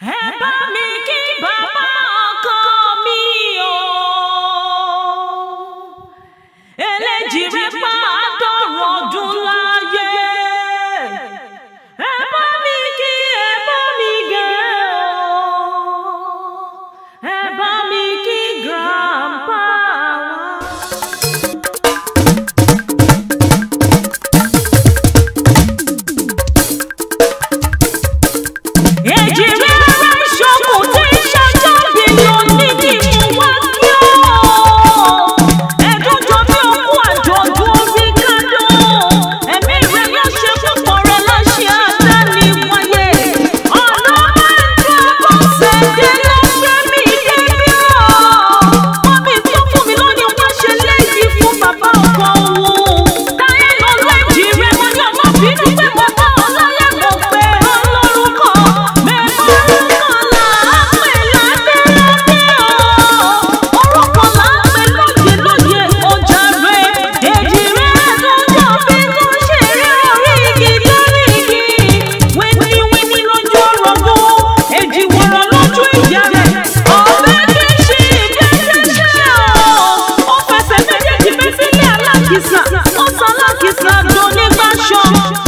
Hey, It's not, it's not, don't need fashion.